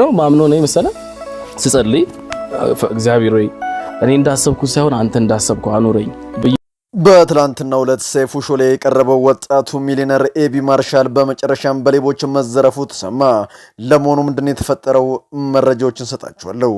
ነው ማምኖ ነው መሰለ ስጸልይ እግዚአብሔር ወይ እኔ እንዳሰብኩ ሳይሆን አንተ እንዳሰብኩ አኑረኝ። በትላንትና ሁለት ሰይፉ ሾሌ የቀረበው ወጣቱ ሚሊነር ኤቢ ማርሻል በመጨረሻም በሌቦች መዘረፉ ተሰማ። ለመሆኑ ምንድን የተፈጠረው? መረጃዎችን ሰጣችኋለሁ።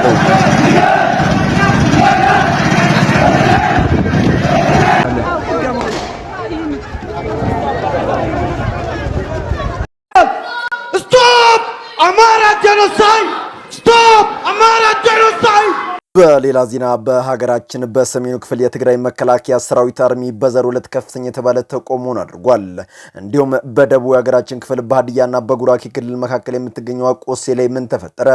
በሌላ ዜና በሀገራችን በሰሜኑ ክፍል የትግራይ መከላከያ ሰራዊት አርሚ በዘር ሁለት ከፍተኛ የተባለ ተቆሞን አድርጓል። እንዲሁም በደቡብ የሀገራችን ክፍል በሀዲያና በጉራኪ ክልል መካከል የምትገኘው ቆሴ ላይ ምን ተፈጠረ?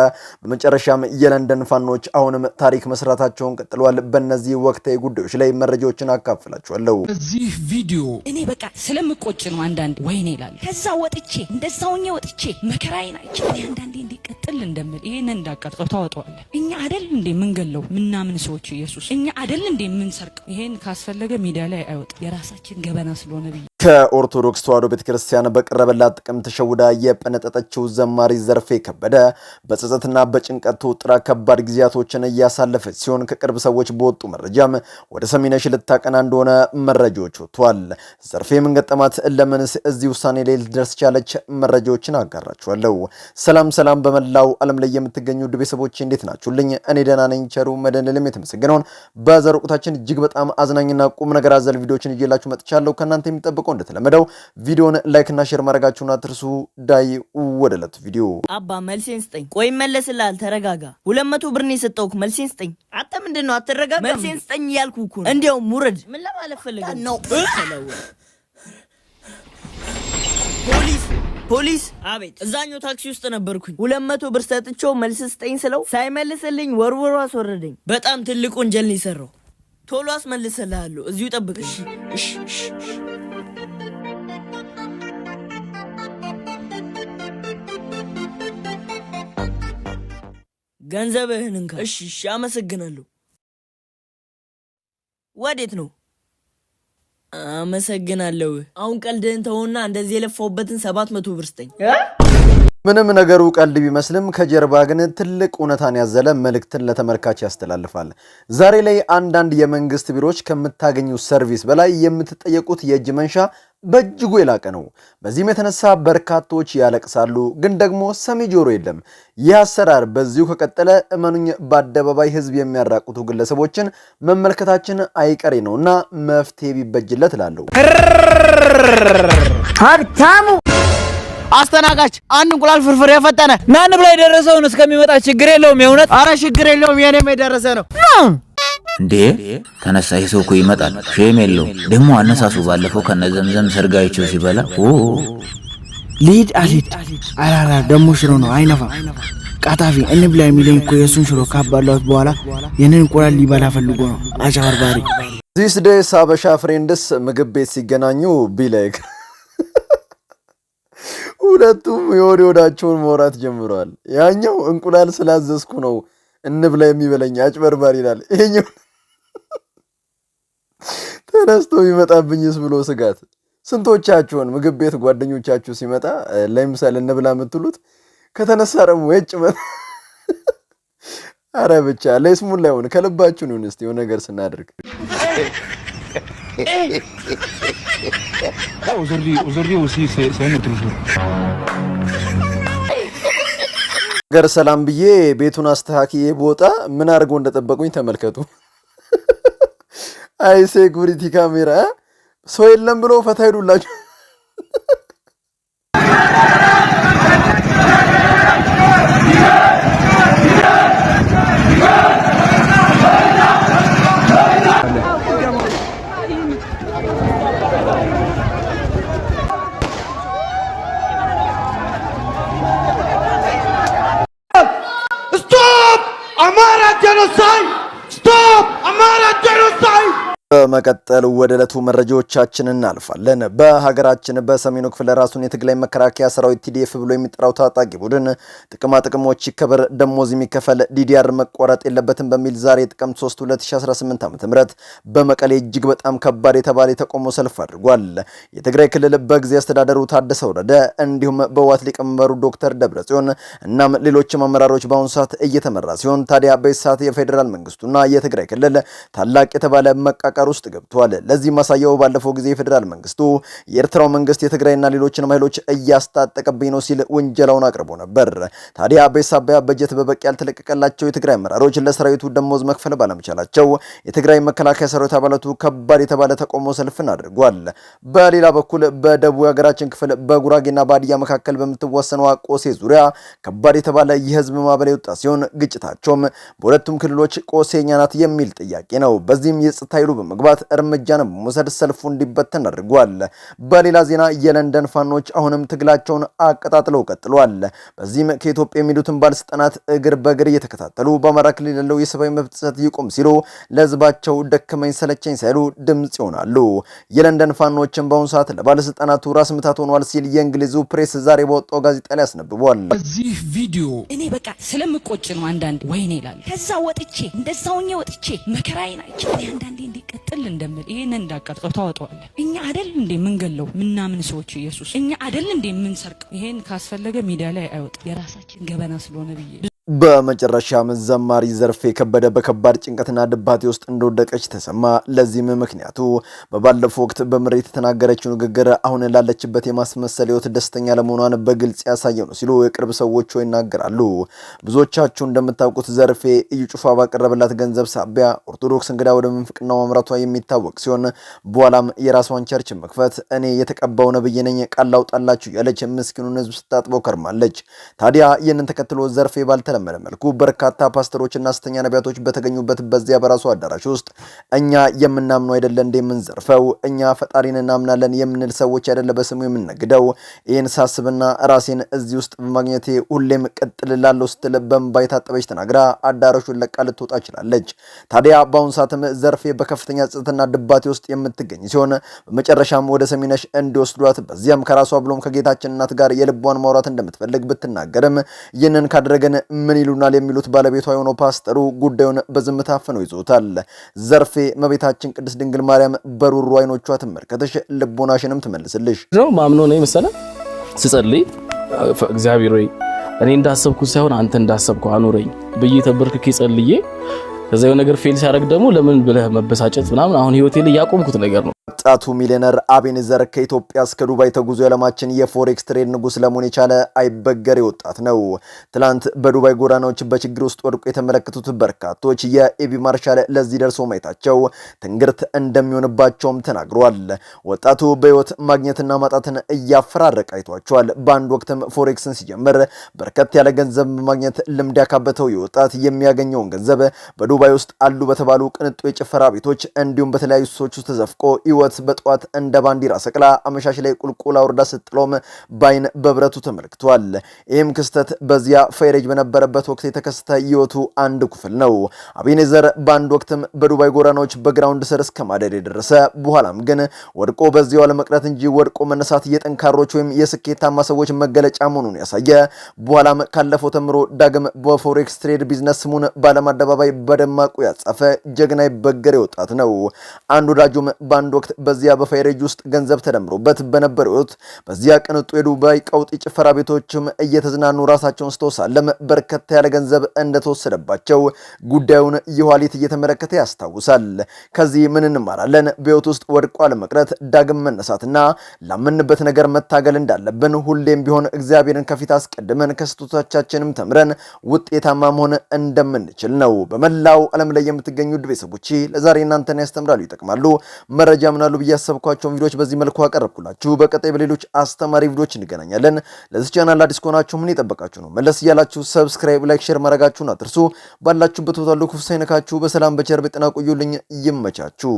በመጨረሻም የለንደን ፋኖች አሁንም ታሪክ መስራታቸውን ቀጥለዋል። በእነዚህ ወቅታዊ ጉዳዮች ላይ መረጃዎችን አካፍላችኋለሁ። በዚህ ቪዲዮ እኔ በቃ ስለምቆጭ ነው አንዳንድ ወይኔ ይላል። ከዛ ወጥቼ እንደዛውኛ ወጥቼ መከራዬ ናቸው። እኔ አንዳንዴ እንዲቀጥል እንደምል ይህንን እንዳቃጥሎ ታወጠዋለ እኛ አደል እንዴ ምንገለው ምናምን ሰዎች ኢየሱስ እኛ አደል እንደ የምንሰርቀው ይሄን ካስፈለገ ሚዲያ ላይ አይወጣ የራሳችን ገበና ስለሆነ ብዬ ከኦርቶዶክስ ተዋሕዶ ቤተክርስቲያን ክርስቲያን በቀረበላት ጥቅም ተሸውዳ የጠነጠጠችው ዘማሪ ዘርፌ ከበደ በጸጸትና በጭንቀት ተወጥራ ከባድ ጊዜያቶችን እያሳለፈች ሲሆን ከቅርብ ሰዎች በወጡ መረጃም ወደ ሰሜነሽ ልታቀና እንደሆነ መረጃዎች ወጥቷል። ዘርፌ ምን ለምንስ እዚህ ውሳኔ ላይ ልደርስ ቻለች? መረጃዎችን አጋራችኋለሁ። ሰላም ሰላም፣ በመላው ዓለም ላይ የምትገኙ ውድ እንዴት ናችሁልኝ? እኔ ደህና ነኝ። ቸሩ መድኃኔዓለም የተመሰገነውን በዘርቁታችን እጅግ በጣም አዝናኝና ቁም ነገር አዘል ቪዲዮችን እየላችሁ መጥቻለሁ። ከእናንተ የሚጠብቀው እንደተለመደው ቪዲዮን ላይክና ሼር ማድረጋችሁን አትርሱ። ዳይ ወደ ዕለቱ ቪዲዮ። አባ መልሴን ስጠኝ። ቆይ መለስልሃል። ተረጋጋ። ሁለት መቶ ብር ነው የሰጠሁህ። መልሴን ስጠኝ። አንተ ምንድን ነው አትረጋጋ? መልሴን ስጠኝ ያልኩህ እኮ ነው። እንዲያውም ውረድ። ምን ለማለት ፈልገህ ነው? ፖሊስ ፖሊስ አቤት። እዛኛው ታክሲ ውስጥ ነበርኩኝ። ሁለት መቶ ብር ሰጥቼው መልስ ስጠኝ ስለው ሳይመልስልኝ ወርወሮ አስወረደኝ። በጣም ትልቅ ወንጀል ነው የሰራው። ቶሎ አስመልስልሃለሁ። እዚሁ ጠብቅ። ገንዘብህን እንካ። እሺ፣ እሺ፣ አመሰግናለሁ። ወዴት ነው? አመሰግናለሁ። አሁን ቀልድህን ተውና እንደዚህ የለፋውበትን ሰባት መቶ ብር ስጠኝ። ምንም ነገሩ ቀልድ ቢመስልም ከጀርባ ግን ትልቅ እውነታን ያዘለ መልእክትን ለተመልካች ያስተላልፋል። ዛሬ ላይ አንዳንድ የመንግስት ቢሮዎች ከምታገኙ ሰርቪስ በላይ የምትጠየቁት የእጅ መንሻ በእጅጉ የላቀ ነው። በዚህም የተነሳ በርካቶች ያለቅሳሉ፣ ግን ደግሞ ሰሚ ጆሮ የለም። ይህ አሰራር በዚሁ ከቀጠለ እመኑኝ በአደባባይ ህዝብ የሚያራቁቱ ግለሰቦችን መመልከታችን አይቀሬ ነው እና መፍትሄ ቢበጅለት እላለሁ። ሀብታሙ አስተናጋጅ አንድ እንቁላል ፍርፍር የፈጠነ ናን ብላ የደረሰውን እስከሚመጣ ችግር የለውም የእውነት። አረ ችግር የለውም የኔም የደረሰ ነው። እንዴ ተነሳ። ይሄ ሰው እኮ ይመጣል፣ ሼም የለው ደግሞ አነሳሱ። ባለፈው ከነዘምዘም ሰርጋይቸው ሲበላ ልሂድ አልሂድ አራራ ደግሞ ሽሮ ነው አይነፋ ቃታፊ እንብላ የሚለኝ እኮ የእሱን ሽሮ ካባላሁት በኋላ የንን እንቁላል ሊበላ ፈልጎ ነው። አጭበርባሪ ዚስ ደስ አበሻ ፍሬንድስ ምግብ ቤት ሲገናኙ ቢለግ ሁለቱም የወደ ወዳቸውን መውራት ጀምረዋል። ያኛው እንቁላል ስላዘዝኩ ነው እንብላ የሚበለኝ አጭበርባሪ ይላል ይሄኛው ተነስቶ ይመጣብኝስ ብሎ ስጋት። ስንቶቻችሁን ምግብ ቤት ጓደኞቻችሁ ሲመጣ ለምሳሌ እንብላ የምትሉት ከተነሳ ደግሞ የጭ አረ ብቻ ለስሙን ላይሆን ከልባችሁን ነው። እስቲ የሆነ ነገር ስናደርግ ነገር ሰላም ብዬ ቤቱን አስተካክዬ በወጣ ምን አድርጎ እንደጠበቁኝ ተመልከቱ። አይ ሴኩሪቲ ካሜራ ሰው የለም ብሎ ፈታ ይሉላችሁ። በመቀጠል ወደ ዕለቱ መረጃዎቻችን እናልፋለን። በሀገራችን በሰሜኑ ክፍል ራሱን የትግራይ መከላከያ ሰራዊት ቲዲኤፍ ብሎ የሚጠራው ታጣቂ ቡድን ጥቅማ ጥቅሞች ይከበር፣ ደሞዝ የሚከፈል ዲዲአር መቆረጥ የለበትም በሚል ዛሬ ጥቅምት 3 2018 ዓ.ም በመቀሌ እጅግ በጣም ከባድ የተባለ የተቃውሞ ሰልፍ አድርጓል። የትግራይ ክልል በጊዜ አስተዳደሩ ታደሰ ወረደ እንዲሁም በዋት ሊቀመንበሩ ዶክተር ጽዮን እናም ሌሎችም አመራሮች በአሁኑ ሰዓት እየተመራ ሲሆን ታዲያ በዚህ ሰዓት የፌዴራል መንግስቱና የትግራይ ክልል ታላቅ የተባለ መቃቀ ጣልቃ ውስጥ ገብቷል። ለዚህ ማሳያው ባለፈው ጊዜ የፌዴራል መንግስቱ የኤርትራው መንግስት የትግራይና ሌሎችን ኃይሎች እያስታጠቀብኝ ነው ሲል ውንጀላውን አቅርቦ ነበር። ታዲያ በሳቢያ በጀት በበቂ ያልተለቀቀላቸው የትግራይ አመራሮች ለሰራዊቱ ደሞዝ መክፈል ባለመቻላቸው የትግራይ መከላከያ ሰራዊት አባላቱ ከባድ የተባለ ተቃውሞ ሰልፍን አድርጓል። በሌላ በኩል በደቡብ የሀገራችን ክፍል በጉራጌና በሀዲያ መካከል በምትወሰነው ቆሴ ዙሪያ ከባድ የተባለ የህዝብ ማበላ የወጣ ሲሆን ግጭታቸውም በሁለቱም ክልሎች ቆሴ እኛ ናት የሚል ጥያቄ ነው። በዚህም የጸጥታ ኃይሉ በመግባት እርምጃን መውሰድ ሰልፉ እንዲበተን አድርጓል። በሌላ ዜና የለንደን ፋኖች አሁንም ትግላቸውን አቀጣጥለው ቀጥሏል። በዚህም ከኢትዮጵያ የሚሄዱትን ባለስልጣናት እግር በእግር እየተከታተሉ በአማራ ክልል ያለው የሰብአዊ መብት ጥሰት ይቁም ሲሉ ለህዝባቸው ደከመኝ ሰለቸኝ ሳይሉ ድምጽ ይሆናሉ። የለንደን ፋኖችን በአሁኑ ሰዓት ለባለስልጣናቱ ራስ ምታት ሆኗል ሲል የእንግሊዙ ፕሬስ ዛሬ በወጣው ጋዜጣ ላይ አስነብቧል። በዚህ ቪዲዮ እኔ በቃ ስለምቆጭ ነው አንዳንዴ ወይኔ ይላል ከዛ ወጥቼ እንደዛውኛ ወጥቼ መከራዬ ናቸው አንዳንዴ እንዲቀ ቅጥል እንደምል ይሄንን እንዳቀርጸው ታወጠዋለህ። እኛ አደል እንዴ የምንገለው ምናምን ሰዎች ኢየሱስ እኛ አደል እንዴ የምንሰርቀው? ይሄን ካስፈለገ ሚዲያ ላይ አይወጣ የራሳችን ገበና ስለሆነ ብዬ በመጨረሻም ዘማሪ ዘርፌ ከበደ በከባድ ጭንቀትና ድባቴ ውስጥ እንደወደቀች ተሰማ። ለዚህም ምክንያቱ በባለፈው ወቅት በምሬት የተናገረችው ንግግር አሁን ላለችበት የማስመሰል ሕይወት ደስተኛ ለመሆኗን በግልጽ ያሳየ ነው ሲሉ የቅርብ ሰዎች ይናገራሉ። ብዙዎቻችሁ እንደምታውቁት ዘርፌ እዩ ጩፋ ባቀረበላት ገንዘብ ሳቢያ ኦርቶዶክስ እንግዳ ወደ ምንፍቅና ማምራቷ የሚታወቅ ሲሆን በኋላም የራሷን ቸርች መክፈት እኔ የተቀባው ነብይ ነኝ ቃል ላውጣላችሁ ያለች ምስኪኑን ሕዝብ ስታጥበው ከርማለች። ታዲያ ይህንን ተከትሎ ዘርፌ ባልተ ባልተለመደ መልኩ በርካታ ፓስተሮችና ሐሰተኛ ነቢያቶች በተገኙበት በዚያ በራሱ አዳራሽ ውስጥ እኛ የምናምነው አይደለ እንደ የምንዘርፈው እኛ ፈጣሪን እናምናለን የምንል ሰዎች አይደለ በስሙ የምንነግደው። ይህን ሳስብና ራሴን እዚህ ውስጥ በማግኘቴ ሁሌም ቀጥል ስትል በእንባ የታጠበች ተናግራ አዳራሹን ለቃ ልትወጣ ችላለች። ታዲያ በአሁኑ ሰዓትም ዘርፌ በከፍተኛ ጽጥና ድባቴ ውስጥ የምትገኝ ሲሆን በመጨረሻም ወደ ሰሚነሽ እንዲወስዷት በዚያም ከራሷ ብሎም ከጌታችን እናት ጋር የልቧን ማውራት እንደምትፈልግ ብትናገርም ይህንን ካደረገን ምን ይሉናል የሚሉት ባለቤቷ የሆነው ፓስተሩ ጉዳዩን በዝምታ አፍነው ይዞታል። ዘርፌ መቤታችን ቅድስት ድንግል ማርያም በሩሩ አይኖቿ ትመልከተሽ፣ ልቦናሽንም ትመልስልሽ። ነው ማምኖ ነው መሰለ ስጸልይ እግዚአብሔር ወይ እኔ እንዳሰብኩ ሳይሆን አንተ እንዳሰብኩ አኑረኝ ብዬ ተንበርክኬ ጸልዬ ከዛ ነገር ፌል ሲያደርግ ደግሞ ለምን ብለህ መበሳጨት ምናምን አሁን ህይወቴ ላይ ያቆምኩት ነገር ነው። ወጣቱ ሚሊዮነር አቤኒዘር ከኢትዮጵያ እስከ ዱባይ ተጉዞ የዓለማችን የፎሬክስ ትሬድ ንጉሥ ለመሆን የቻለ አይበገሬ ወጣት ነው። ትላንት በዱባይ ጎዳናዎች በችግር ውስጥ ወድቆ የተመለከቱት በርካቶች የኤቢ ማርሻል ለዚህ ደርሶ ማየታቸው ትንግርት እንደሚሆንባቸውም ተናግሯል። ወጣቱ በሕይወት ማግኘትና ማጣትን እያፈራረቀ አይቷቸዋል። በአንድ ወቅትም ፎሬክስን ሲጀምር በርከት ያለ ገንዘብ በማግኘት ልምድ ያካበተው የወጣት የሚያገኘውን ገንዘብ በዱባይ ውስጥ አሉ በተባሉ ቅንጡ የጭፈራ ቤቶች እንዲሁም በተለያዩ ሱሶች ውስጥ ተዘፍቆ ሕይወት ዓመት በጠዋት እንደ ባንዲራ ሰቅላ አመሻሽ ላይ ቁልቁል አውርዳ ስትጥሎም በአይን በብረቱ ተመልክቷል። ይህም ክስተት በዚያ ፈይሬጅ በነበረበት ወቅት የተከሰተ ህይወቱ አንድ ክፍል ነው። አቤኔዘር በአንድ ወቅትም በዱባይ ጎዳናዎች በግራውንድ ስር እስከ ማደድ የደረሰ በኋላም ግን ወድቆ በዚያው አለመቅረት እንጂ ወድቆ መነሳት የጠንካሮች ወይም የስኬታማ ሰዎች መገለጫ መሆኑን ያሳየ በኋላም ካለፈው ተምሮ ዳግም በፎሬክስ ትሬድ ቢዝነስ ስሙን በዓለም አደባባይ በደማቁ ያጻፈ ጀግና ይበገር ወጣት ነው። አንድ ወዳጁም በአንድ ወቅት በዚያ በፋይረጅ ውስጥ ገንዘብ ተደምሮበት በነበረ ሕይወት በዚያ ቅንጡ የዱባይ ቀውጢ ጭፈራ ቤቶችም እየተዝናኑ ራሳቸውን ስተው በርከት በርከታ ያለ ገንዘብ እንደተወሰደባቸው ጉዳዩን የኋሊት እየተመለከተ ያስታውሳል። ከዚህ ምን እንማራለን? በሕይወት ውስጥ ወድቆ አለመቅረት፣ ዳግም መነሳትና ላመንበት ነገር መታገል እንዳለብን ሁሌም ቢሆን እግዚአብሔርን ከፊት አስቀድመን ከስህተቶቻችንም ተምረን ውጤታማ መሆን እንደምንችል ነው። በመላው ዓለም ላይ የምትገኙ ውድ ቤተሰቦቼ ለዛሬ እናንተን ያስተምራሉ፣ ይጠቅማሉ መረጃ ይጠቅማሉ ብዬ ያሰብኳቸውን ቪዲዮዎች በዚህ መልኩ አቀረብኩላችሁ። በቀጣይ በሌሎች አስተማሪ ቪዲዮዎች እንገናኛለን። ለዚህ ቻናል አዲስ ከሆናችሁ ምን የጠበቃችሁ ነው? መለስ እያላችሁ ሰብስክራይብ፣ ላይክ፣ ሼር ማድረጋችሁን አትርሱ። ባላችሁበት ቦታ ሁሉ ክፉ ሳይነካችሁ በሰላም በቸር በጤና ቆዩልኝ። ይመቻችሁ።